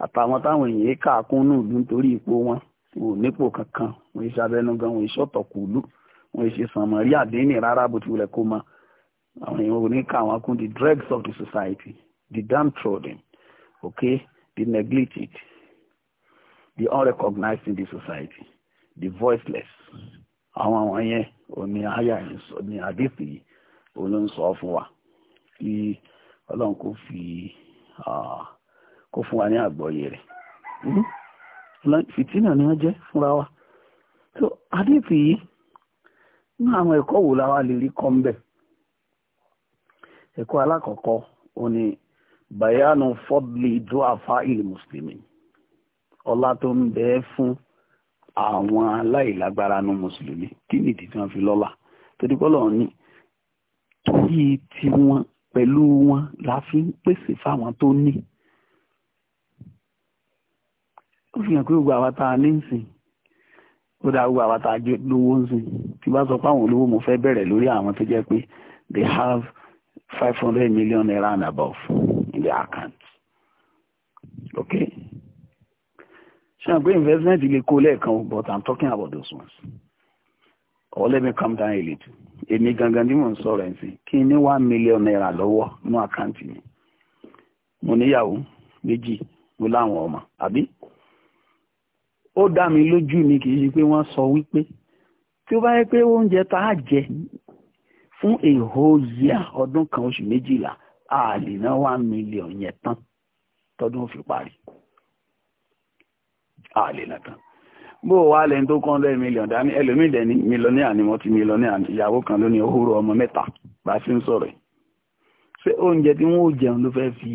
àtàwọn táwọn èèyàn kà kúnnù ìlú nítorí ipò wọn ò nípò kankan wọn iṣẹ́ abẹnugan wọn iṣẹ́ ọ̀tọ̀kùlú wọn iṣẹ́ sànmọ́rí àdéhìn rárá bó ti wulẹ̀ kó ma àwọn èèyàn ò ní kà wọn kún the dregs of the society the downtrodden okay the neglected the unrecognized in the society the voiceless àwọn àwọn yẹn òní àyà ní àdéfì òun ló ń sọ fún wa kí ọlọ́run kò fi kó fún wa ní àgbọ́yé rẹ̀ hmm? fìtínà ni wọ́n jẹ́ fúnra wa so àdéfì yìí ní àwọn ẹ̀kọ́ wo la wá lè rí kọ́ ń bẹ̀ ẹ̀kọ́ alákọ̀ọ́kọ́ òní bayanu fadli duafa il muslimin ọlá tó ń bẹ fún àwọn aláìlágbára nu mùsùlùmí kí nìdí tí wọ́n fi lọ́lá torí pé ní torí tiwọn pẹ̀lú wọn la fi ń pèsè fáwọn tó ní ó fi hàn pé gbogbo àwa tá a ní nsìn ó dá gbogbo àwa tá a jẹ lówó nsìn tí bá sọ pé àwọn olówó mo fẹ́ bẹ̀rẹ̀ lórí àwọn tó jẹ́ pé they have five hundred million naira and above in their account okay ṣáà pé investment in the lẹ́ẹ̀kan but i'm talking about those ones or let me calm down a little èmi gangan ni mò ń sọ̀rọ̀ one million naira lọ́wọ́ ní àkáǹtì mi mo níyàwó méjì mo láwọn ọmọ àbí ó dá mi lójú ni kì í ṣe pé wọ́n sọ wípé tí ó bá yẹ pé oúnjẹ tá a jẹ fún a whole year ọdún kan oṣù méjìlá a lè ná one million yẹn tán tọdún ó fi parí àlèlà kan bó wà lẹ́yìn tó kọ́ lẹ́yìn mílíọ̀n dání ẹlòmíì dẹ̀ni mílíọ̀nìà ni mo ti mílíọ̀nìà ìyàwó kan lónìí òhúrò ọmọ mẹ́ta bá a ṣe ń sọ̀rọ̀ yìí ṣé oúnjẹ tí wọ́n ó jẹun ló fẹ́ fi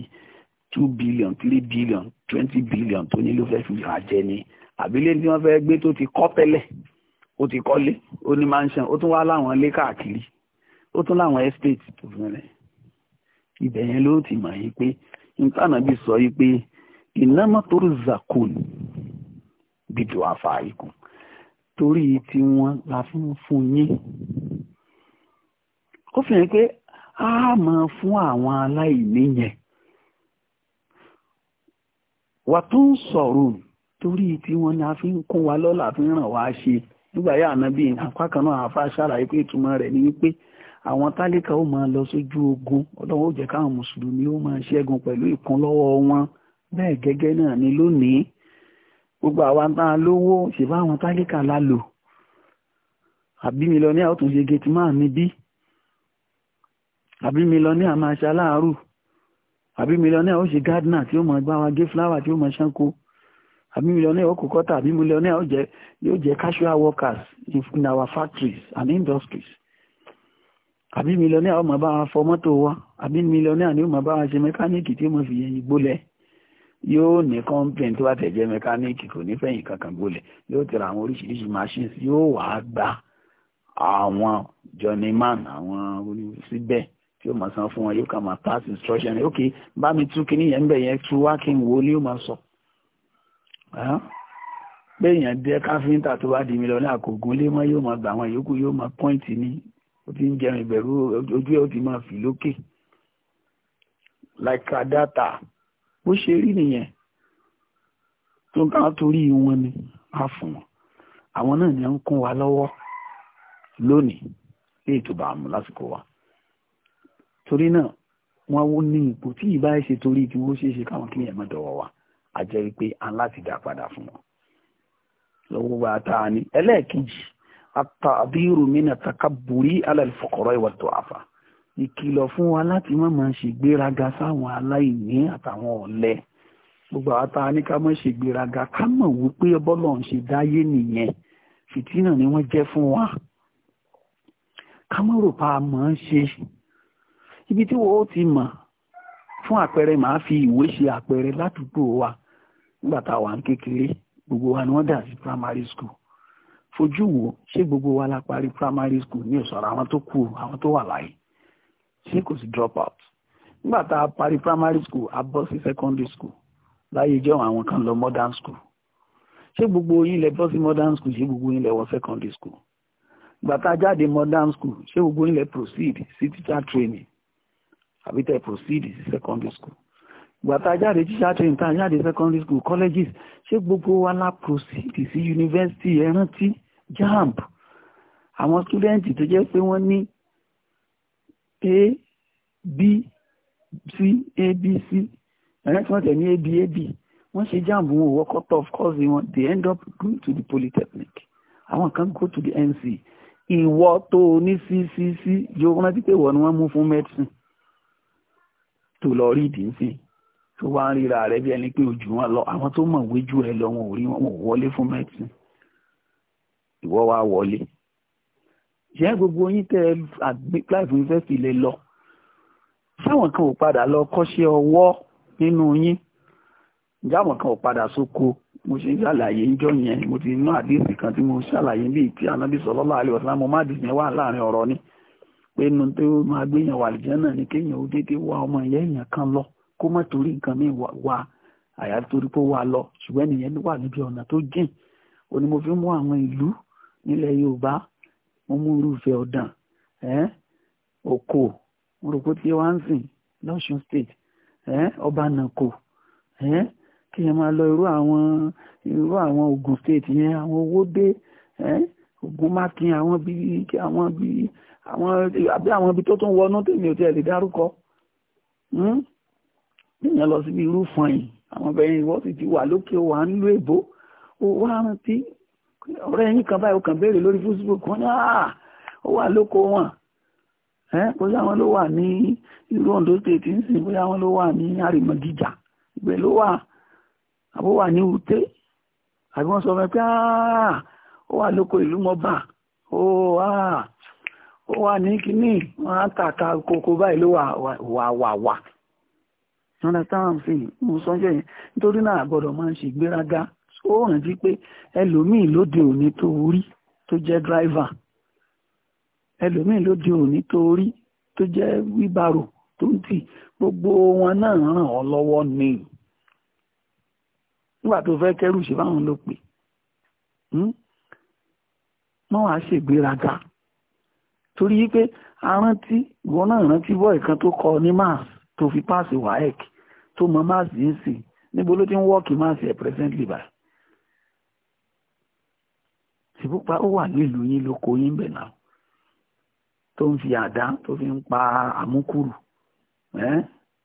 two billion three billion twenty billion tó ní ló fẹ́ fi hàn jẹ ni àbílẹ̀ tí wọ́n fẹ́ gbé tó ti kọ́ tẹ́lẹ̀ ó ti kọ́lé ó ní ó tún wá láwọn ilé káàkiri ó tún láwọn estate tó fún yẹn ló ti mọ̀ yìí pé bídò àfàìkùn torí tí wọ́n la fi ń fún yín ó fi hàn pé a máa fún àwọn aláìní yẹn wà tó ń sọ̀rọ̀ torí tí wọ́n ni a fi ń kún wa lọ́lá fi ń ràn wá ṣe nígbà yá ànábì apá kan náà àfa ṣàlàyé pé ìtumọ̀ rẹ̀ ni wípé àwọn tálíkà ó máa lọ sójú ogun ọlọ́run ó jẹ́ káwọn mùsùlùmí ó máa ṣẹ́gun pẹ̀lú ìkúnlọ́wọ́ wọn bẹ́ẹ̀ gẹ́gẹ́ náà ni lónìí gbogbo àwa náà lówó ṣèbá àwọn tálíkà lálò àbí mi lọ ní àwọn tún ṣe gẹ̀tì máa níbí àbí mi lọ ní àmà aṣáláàrù àbí mi lọ ní àwọn ṣe gardener tí ó mọ gbá wa gé fúláwà tí ó mọ ṣánko àbí ní àwọn kòkọ́tà àbí mi lọ ní àwọn yóò jẹ́ casual workers in our factories and industries àbí mílíọ̀nì àwọn ọmọ bá wa fọ mọ́tò wa àbí mílíọ̀nì àwọn ọmọ bá wa ṣe mẹkáníìkì tí ó mọ̀ fi yẹn ìgbólẹ̀ yóò ní complain tó bá tẹ̀ jẹ́ mẹkáníìkì kò ní fẹ̀yìn kankan gbolẹ̀ yóò tẹ̀ra àwọn oríṣiríṣi machines yóò wá gba àwọn journeyman àwọn síbẹ̀ tí ó máa san fún wọn yóò kà máa pass instruction ok bá mi tú kíní yẹn ń bẹ̀ yẹn tú wá kí n wo ni ó máa sọ pé èèyàn jẹ́ káfíńtà tó bá di mi lọ ní àkókò lé mọ́ yóò máa gbà àwọn yòókù yóò máa pọ́ìntì ní ó ti ń jẹun ìbẹ̀rù ojú ẹ̀ ó ti máa fì lókè like a data bó ṣe rí nìyẹn tó ká torí wọn ni a fún wọn àwọn náà ni ó ń kún wa lọ́wọ́ lónìí ní ìtòbà àmú lásìkò wa torí náà wọn wó ní ipò tí ìbá ṣe torí tí wọn ṣeéṣe káwọn kílíẹ̀ mọ́ dọ̀wọ́ wa a jẹ́ wípé a ń láti dá padà fún wọn lọ́wọ́ bá ta ni ẹlẹ́ẹ̀kejì àtàbírù mí nà takabùrí alẹ́ ìwà tó àfà ìkìlọ̀ fún wa láti má máa ṣègbéraga sáwọn aláìní àtàwọn ọ̀lẹ gbogbo àwọn tá a ní ká má ṣègbéraga ká mọ̀ wípé bọ́lọ̀ ń ṣe dáyé nìyẹn fìtínà ni wọ́n jẹ́ fún wa ká má rò pa mọ̀ ń ṣe ibi tí wọ́n ó ti mọ̀ fún àpẹẹrẹ màá fi ìwé ṣe àpẹẹrẹ ládùúgbò wa nígbà tá a wà ń kékeré gbogbo wa ni wọ́n dà sí primary school fojú wo ṣé gbogbo wa la parí primary school ní ìsọ̀rọ̀ àwọn tó kù àwọn tó wà láyé ṣé kò sí drop out nígbà tá a parí primary school a bọ́ sí secondary school láyé jẹ́ àwọn kan lọ modern school ṣé gbogbo yín lẹ bọ́ sí modern school ṣé gbogbo yín lẹ wọ secondary school ìgbà tá a jáde modern school ṣé gbogbo yín lẹ proceed sí teacher training àbí tẹ proceed sí secondary school ìgbà tá a jáde teacher training tá a jáde secondary school colleges ṣé gbogbo wa la proceed sí university ẹ rántí jamb àwọn student tó jẹ́ pé wọ́n ní a b c a b c ẹ̀rẹ́ tí wọ́n tẹ̀ ní a b a b wọ́n ṣe jáàmù wọn wọ́n cut off course wọn they end up going to the polytechnic àwọn kan go to the nc ìwọ tó o ní ccc yóò rántí pé wọ́n ni wọ́n mú fún medicine tó lọ rí ìdí sí tó wá ń ríra rẹ bí ẹni pé ojú wọn lọ àwọn tó mọ̀ wéjú rẹ lọ wọn ò rí wọn wọlé fún medicine ìwọ wá wọlé ṣé gbogbo yín tẹ́ apply fún yunifásitì lè lọ sáwọn kan ò padà lọ kọ́ṣẹ́ ọwọ́ nínú yín jáwọn kan ò padà sóko mo ṣe ń ṣàlàyé ńjọ́ yẹn mo ti ná àdéhùn kan tí mo ṣàlàyé bí ìtì ànábì sallallahu alaihi wasallam mo má dì yẹn wà láàrin ọ̀rọ̀ ni pé nu tó máa gbé yẹn wà àlùjánnà ni kéèyàn ó dédé wá ọmọ ìyá èèyàn kan lọ kó má torí nǹkan mi wá àyà torí pé ó wá lọ ṣùgbọ́n ènìyàn wà níbi ọ̀nà tó jìn òní mo fi mú àwọn ìlú nílẹ̀ Yorùbá wọ́n mú irúfẹ́ ọ̀dàn òkò wọ́n rò pé ń sìn lọ́sùn state ọba nàkó kí ẹ máa lọ irú àwọn irú àwọn Ògùn state yẹn àwọn owó dé Ògùn mákin àwọn bíi àwọn bíi àwọn àbí àwọn ibi tó tún wọnú tèmi ò tiẹ̀ lè dárúkọ hmm? èèyàn lọ síbi irú fọyín àwọn bẹ̀rẹ̀ ìwọ sì ti wà lókè wà ń lo èbó ó wá rántí ọ̀rẹ́ yín kan báyìí kàn béèrè lórí Facebook wọ́n ní ah, ó wà lóko wọn bóyá wọn ló wà ní irú Ondo State ń sìn bóyá wọn ló wà ní àrèmọ̀gìjà ibẹ̀ ló wà àbó wà ní Ute àbí wọ́n sọ fún ẹ pé ah, ó wà lóko ìlú mọ́bà ah, ó wà ní kínní wọn á kàkà kókó báyìí ló wà wà wà wà. fi ó rántí pé ẹlòmíì lóde òní tó rí tó jẹ́ dráìvà ẹlòmíì lóde òní tó rí tó jẹ́ wíbarò tó ń tì gbogbo wọn náà ràn ọ́ lọ́wọ́ ni nígbà tó fẹ́ kẹ́rù ṣe báwọn ló pè mọ́ hmm? wàá ṣègbéraga torí pé arántí ìwọ náà rántí bọ́ ìkan tó kọ ní mars tó fi páàsì wáẹ́ẹ̀kì tó mọ mars yìí sí níbo ló ti ń wọ́ọ̀kì mars ẹ̀ presently báyìí ṣùgbọ́n ó wà nílùú yín lóko yín bẹ̀ náà tó ń fi àdá tó fi ń pa àmúkúrù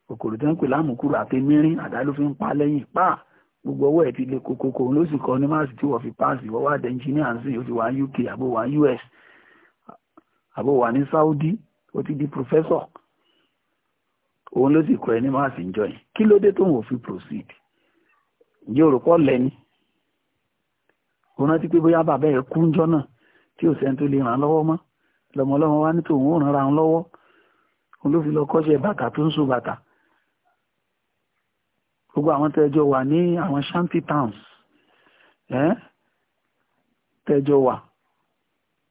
kòkòrò tó ń pè lámùkúrò àti mírín àdá ló fi ń pa lẹ́yìn pa gbogbo ọwọ́ ẹ̀ ti le kokoko ló sì kọ́ ní máàsì tí wọ́n fi páàsì wọ́n wá dẹ́ńjìníà sí ó ti wà UK àbó wà US àbó wà ní Saudi ó ti di professor òun ló sì kọ́ ẹ ní máàsì ìjọ yìí kí ló dé tó ń wò fi proceed ǹjẹ́ òrùkọ́ lẹ́ni kò rántí pé bóyá bàbá ẹ̀ kú ńjọ́ náà tí ò sẹ́ni tó lè ràn án lọ́wọ́ mọ́ lọ́mọlọ́mọ wá ní tòun ò ràn án lọ́wọ́ òun ló fi lọ kọ́ṣẹ́ bàtà tó ń so bàtà gbogbo àwọn tẹjọ wà ní àwọn shanty towns tẹjọ wà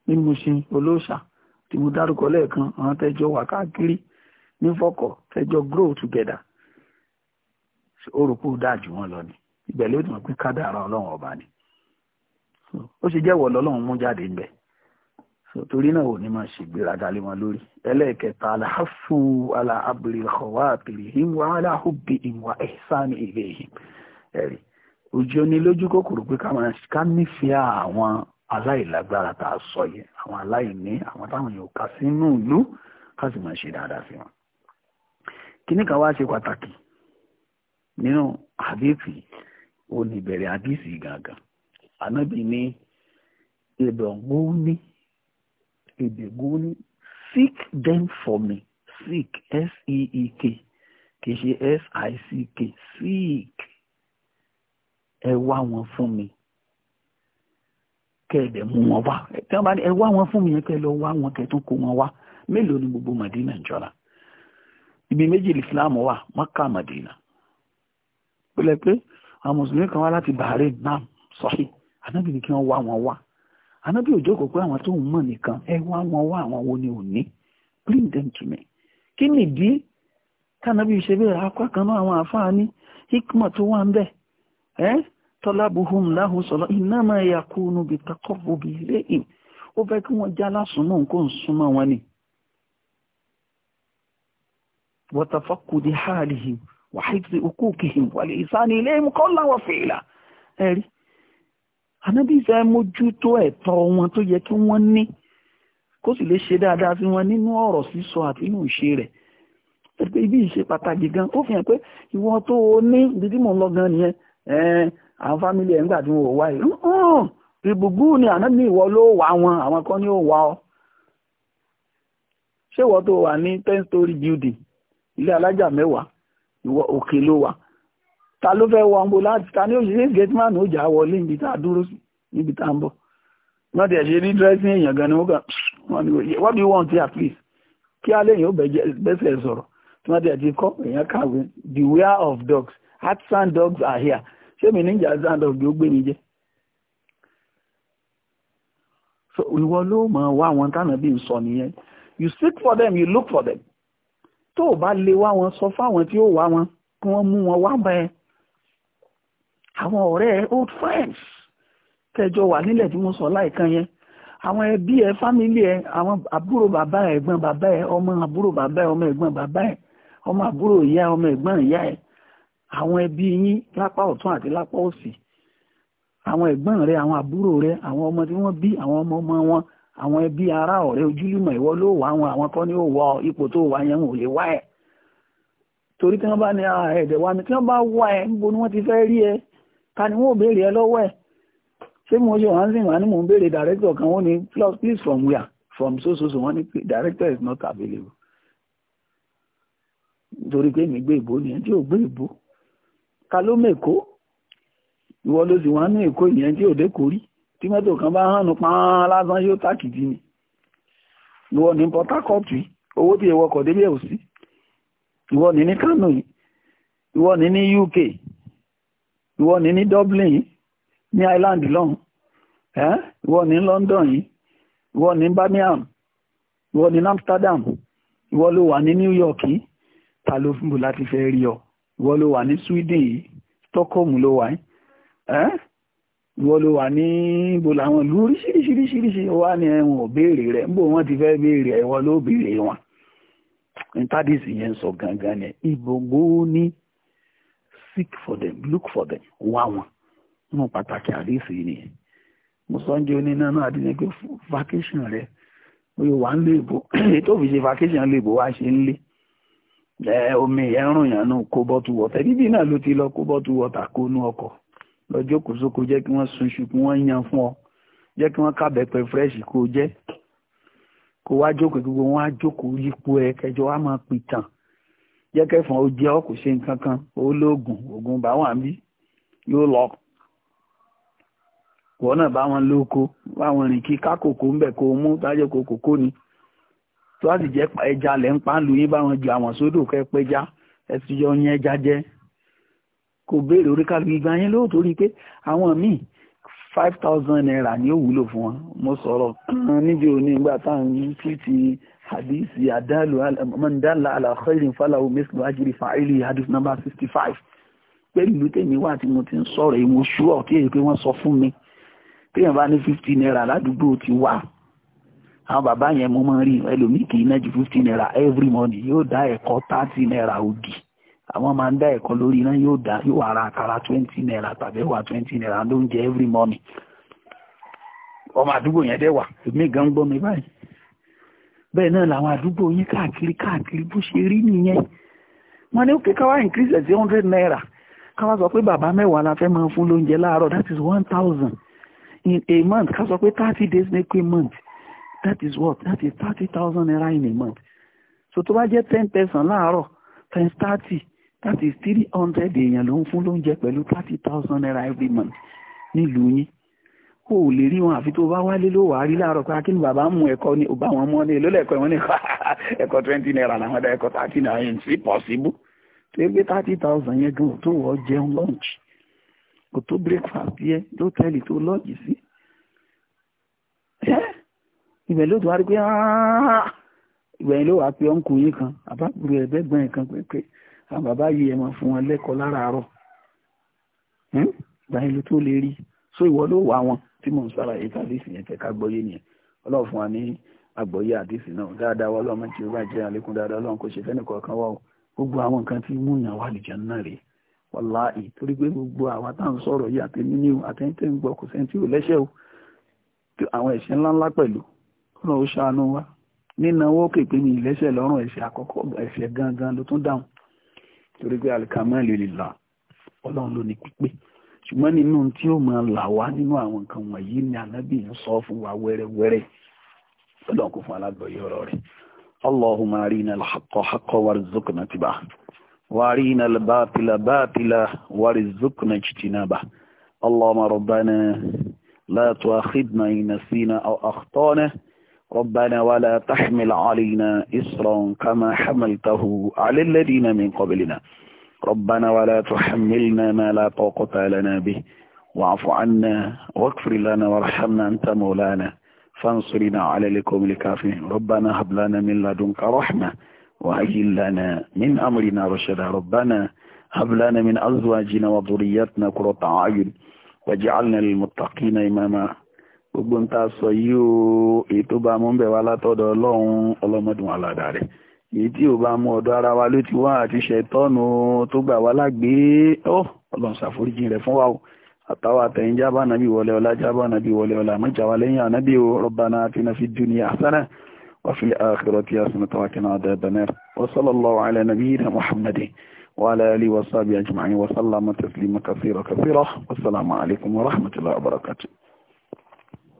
ní Mushin olóòṣà tí mo dárúkọ lẹ́ẹ̀kan àwọn tẹjọ wà káàkiri ní fọkọ tẹjọ grow together ó rò pé ó dáa jù wọn lọ ni ìbẹ̀lẹ́ òdìmọ̀ pé kádàrá ọlọ́run ọba ni ó ṣe jẹ́wọ́ lọ́lọ́run mú jáde ń bẹ̀ torí náà ò ní máa ṣègbéraga lé wọn lórí ẹlẹ́ẹ̀kẹta aláhàfù aláàbìrì ọ̀wá àbìrì ìwà aláhùbì ìwà ẹ̀sánì ilé yìí ẹ̀rí ojú ni lójú kòkòrò pé ká nífẹ̀ẹ́ àwọn aláìlágbára tá a sọ yẹn àwọn aláìní àwọn táwọn yóò kà sínú ìlú ká sì máa ṣe dáadáa sí wọn. kíní kan wá ṣe pàtàkì nínú àdéhìí ó ìbẹ̀rẹ̀ àdéhìí gangan ànábì ní ìdọ̀gúnni ìdẹ̀gúnni seek them for me seek s-e-e-k kì í ṣe s-i-c-k seek ẹ wá wọn fún mi kẹ́ẹ̀dẹ̀ mú wọn wá tí wọ́n bá ní ẹ wá wọn fún mi yẹn kẹ́ lọ wá wọn kẹ́ tó kó wọn wá mélòó ni gbogbo Madina jọra ibi méjì Islam wà Maka Madina pẹlẹpẹ àwọn mùsùlùmí kan wá láti Bahrain nam sọhí anabi ní kí wá wọn wá ànábì ò jókòó pé àwọn tó ń nìkan ẹ wá wọn wá àwọn to me kí ṣe bẹ́ẹ̀ kan náà àwọn àfáà ní hikma tó wà ń bẹ̀ ẹ́ tọ́lábùhùn láhùn sọ̀rọ̀ iná máa yà kú bí ilé ìm ó fẹ́ kí wọ́n já lásùnmọ́ súnmọ́ wọn ni. wàlẹ̀ ànábì fẹ́ mójútó ẹ̀tọ́ wọn tó yẹ kí wọ́n ní kó sì lè ṣe dáadáa sí wọn nínú ọ̀rọ̀ sísọ àti inú ìṣe rẹ̀ pé ibi ìṣe pàtàkì gan ó fi hàn pé ìwọ tó o ní ibi tí mò ń lọ gan nìyẹn àwọn fámìlì ẹ̀ tí wọn ò wá yìí ìbùgbù ni ànábì ìwọ ló wà wọn àwọn kan ní ó wà ọ ṣé ìwọ tó wà ní ten story building ilé alájà mẹ́wàá ìwọ òkè ló wà ta ló fẹ́ wọ ọmọ láti ta ní òṣìṣẹ́ gateman ó jà wọlé níbi tá a dúró níbi tá a ń bọ̀ náà tẹ̀ ṣe ní dressing èèyàn gan ni wọ́n kàn what do you want here please kí á léyìn ó bẹ́sẹ̀ sọ̀rọ̀ tí wọ́n tẹ̀ ti kọ́ èèyàn kàwé beware of dogs artisan dogs are here ṣé mi níjà artisan dogs ló gbé mi jẹ́ so ìwọ ló mọ̀ wá àwọn tánà bí n sọ nìyẹn you seek for them you look for them tó o bá lè wá wọn sọ fáwọn tí ó wá wọn kí wọ́n mú wọn wá bẹ́ẹ̀ àwọn ọ̀rẹ́ old friends kẹjọ wà nílẹ̀ tí mo sọ láìkan yẹn àwọn ẹbí ẹ fámílì ẹ àwọn àbúrò bàbá ẹ ẹ̀gbọ́n bàbá ẹ ọmọ àbúrò bàbá ẹ ọmọ ẹ̀gbọ́n bàbá ẹ ọmọ àbúrò ìyá ọmọ ẹ̀gbọ́n ìyá ẹ àwọn ẹbí yín lápá ọ̀tún àti lápá òsì àwọn ẹ̀gbọ́n rẹ àwọn àbúrò rẹ àwọn ọmọ tí wọ́n bí àwọn ọmọ ọmọ wọn àwọn ẹbí ará ọ̀rẹ́ ojúlùmọ̀ ìwọ ló wà àwọn àwọn kan ní ó ipò tó wà yẹn ò lè wá ẹ torí tí wọ́n bá ní ẹ̀dẹ̀ wa ni tí wọ́n bá wá ẹ níbo ni wọ́n ti fẹ́ rí ẹ ta ni wọ́n béèrè ẹ lọ́wọ́ ẹ̀ ṣé mo ṣe wọ́n sìn wọ́n ní mò ń béèrè director kan wọ́n ní please from where from so so so wọ́n ní director is not available torí pé mi gbé ìbò nìyẹn tí ò gbé ìbò ta ló mẹ́kọ́ ìwọ ló sì wọ́n ní èkó ìyẹn tí ò dẹ́kọ̀ rí tí mọ́tò kan bá hànú pàán lásán yóò tákìdí ni ìwọ ní Port Harcourt yìí owó tí ìwọ kọ̀ débẹ̀ ò sí ìwọ ní ní Kano yìí ìwọ ní ní UK ìwọ ní ní Dublin yìí ní Ireland lọ́hùn ẹ́ ìwọ ní London yìí ìwọ ní Birmingham ìwọ ní Amsterdam ìwọ ló wà ní New York yìí ta ló fún bò láti fẹ́ rí ọ ìwọ ló wà ní Sweden yìí Stockholm ló wà yìí ẹ́ ìwọ ló wà ní ibo làwọn ìlú oríṣiríṣiríṣi wà ní ẹ̀wọ̀n ò béèrè rẹ̀ níbo wọ́n ti fẹ́ béèrè ẹ̀wọ̀n ló béèrè wọn ntádìsí yẹn sọ gangan ni ìbògbó ní seek for them look for them wá wọn nínú pàtàkì àdéhìsì yìí nìyẹn mo sọ ń jẹ́ oníná náà àdínní vacation rẹ oye wà ń lé ìbò tó fi ṣe vacation lè bò wá ṣe ń lé omi ẹrùn yàn nù kó bọ́tù wọ̀tà bíbí náà ló ti lọ kó bọ́tù wọ̀tà kó nú ọkọ̀ lọ́jọ́ kò sóko jẹ́ kí wọ́n sunṣu kí wọ́n yan fún ọ jẹ́ kí wọ́n kábẹ́pẹ́ fresh kó jẹ́ kó wá jókòó gbogbo wọn á jókòó yípo ẹ kẹjọ wá máa pìtàn jẹ́ kẹfọ́n ó jẹ́ ọ́ kò ṣe nǹkan kan ó lóògùn oògùn bá wà ń bí yóò lọ wọ́n náà bá wọn lóko báwọn rìn kí kákòókò ń bẹ̀ kó mú tájọ́ kòkó kó ni tó a jẹ́ ẹja lẹ̀ ń pa lu yín báwọn ju àwọn sódò kẹ́ pẹ́já ẹ yọ yín ẹja jẹ́ kò béèrè orí kálukú igba yín lóòótọ́ rí i pé àwọn míì five thousand naira ni ó wúlò fún wọn mo sọ̀rọ̀ níbi òní ìgbà táwọn ní títí hadisi àdálù man dalla ala khairin falahu mislu ajri fa'ili hadith number sixty five pé ìlú tèmi wà tí mo ti ń sọ̀rọ̀ èyí mo ṣúọ̀ tí èyí pé wọ́n sọ fún mi téèyàn bá ní fifty naira ládùúgbò ti wà àwọn bàbá yẹn mo máa ń rí ẹlòmíì kì í ná ju fifty naira every morning yóò dá ẹ̀kọ́ thirty naira ògì àwọn máa ń dá ẹ̀kọ́ lórí iná yóò dá yóò wà ra àkàrà twenty naira tàbí ẹ̀wà twenty naira lóúnjẹ every morning ọmọ àdúgbò yẹn dẹ̀ wà èmi gan gbọ́ mi báyìí bẹ́ẹ̀ náà làwọn àdúgbò yín káàkiri káàkiri bó ṣe rí nìyẹn wọ́n ní kíkà wá increase sí hundred naira káwá sọ pé bàbá mẹ́wàá la fẹ́ máa fún lóúnjẹ láàárọ̀ that is one thousand in a month ká sọ pé thirty days ní pé month that is what that is thirty thousand naira in a month so tó bá jẹ́ ten percent láàárọ̀ times thirty that is three hundred èèyàn ló ń fún lóúnjẹ pẹ̀lú thirty thousand naira every month nílùú yín kò lè rí wọn àfi tó bá wálé ló wà á rí láàárọ̀ pé akínú bàbá mú ẹ̀kọ́ ni ò bá wọn mọ́ ní èlò lẹ́kọ̀ọ́ wọn ní ẹ̀kọ́ twenty naira làwọn ẹ̀dá ẹ̀kọ́ thirty naira yẹn sí pọ̀síbù tó yẹ pé thirty thousand yẹn gan ò tó wọ́ jẹun lunch ò tó breakfast yẹ lọ́tẹ̀lì tó lọ́ọ̀jì sí ibẹ̀ ló tó wá rí pé ìgbẹ̀yìn ló wà pé ọ̀nkù yín kan àbábùrù ẹ̀bẹ̀gbọ̀n kan pé àwọn bàbá yìí ẹ̀ máa fún wọn lẹ́kọ̀ọ́ láràárọ̀ ìgbẹ̀yìn ló tó lè rí so ìwọ ló wà wọn tí mò ń ṣàlàyé tàdísì yẹn fẹ́ ká gbọ́yé nìyẹn ọlọ́run fún wa ní àgbọ́yé àdísì náà dáadáa wa ọlọ́run tí ó bá jẹ́ àlékún dáadáa ọlọ́run kò ṣe fẹ́ni kọ̀ọ̀kan wá o gbogbo àwọn nǹkan tí mú yàn wà lìjẹ́ náà rèé wàláì torí pé gbogbo àwa tá à ń sọ̀rọ̀ yìí àtẹ̀mí ní o àtẹ̀yìn tẹ̀ ń gbọ́ kò sẹ́ni tí ò lẹ́ṣẹ̀ o àwọn ẹ̀ṣẹ̀ ńláńlá pẹ̀lú ọlọ́run ló ní pípé ṣùgbọ́n nínú tí ó máa là wá nínú àwọn nǹkan wọ̀nyí ni ànábì ń sọ fún wa wẹ́rẹ́wẹ́rẹ́ lọ́dọ̀ kó fún alágbọ̀yé ọ̀rọ̀ rẹ̀ allahumma arina alhaqqa haqqa warzuqna tiba wa arina albatila batila warzuqna ijtinaba allahumma rabbana la tuakhidna in nasina aw akhtana ربنا ولا تحمل علينا إصرا كما حملته على الذين من قبلنا ربنا ولا تحملنا ما لا طاقة لنا به واعف عنا واغفر لنا وارحمنا أنت مولانا فانصرنا على لكم الكافرين ربنا هب لنا من لدنك رحمة وهيئ لنا من أمرنا رشدا ربنا هب لنا من أزواجنا وذرياتنا قرة أعين واجعلنا للمتقين إماما gbogbo ń ta sọ yìí ó ètò bá mú bẹ̀ wá látọ̀dọ̀ ọlọ́run ọlọ́mọdún aládàá rẹ̀ èyí tí ò bá mú ọ̀dọ̀ ara wa ló ti wá àti ṣẹ̀tọ́nù tó gbà wá lágbé ó ọlọ́run ṣàforíjì rẹ̀ fún wa o àtàwọn àtẹ̀yìn jábà nàbí wọlé ọlá jábà nàbí wọlé ọlá mọ́jà wa lẹ́yìn ànábì o rabbana atina fid dunya hasana wa fil akhirati hasanatan wa qina adhaban nar wa sallallahu ala nabiyyina muhammadin wa ala alihi wa sahbihi ajma'in wa sallama taslima kathira kathira wa rahmatullahi wa barakatuh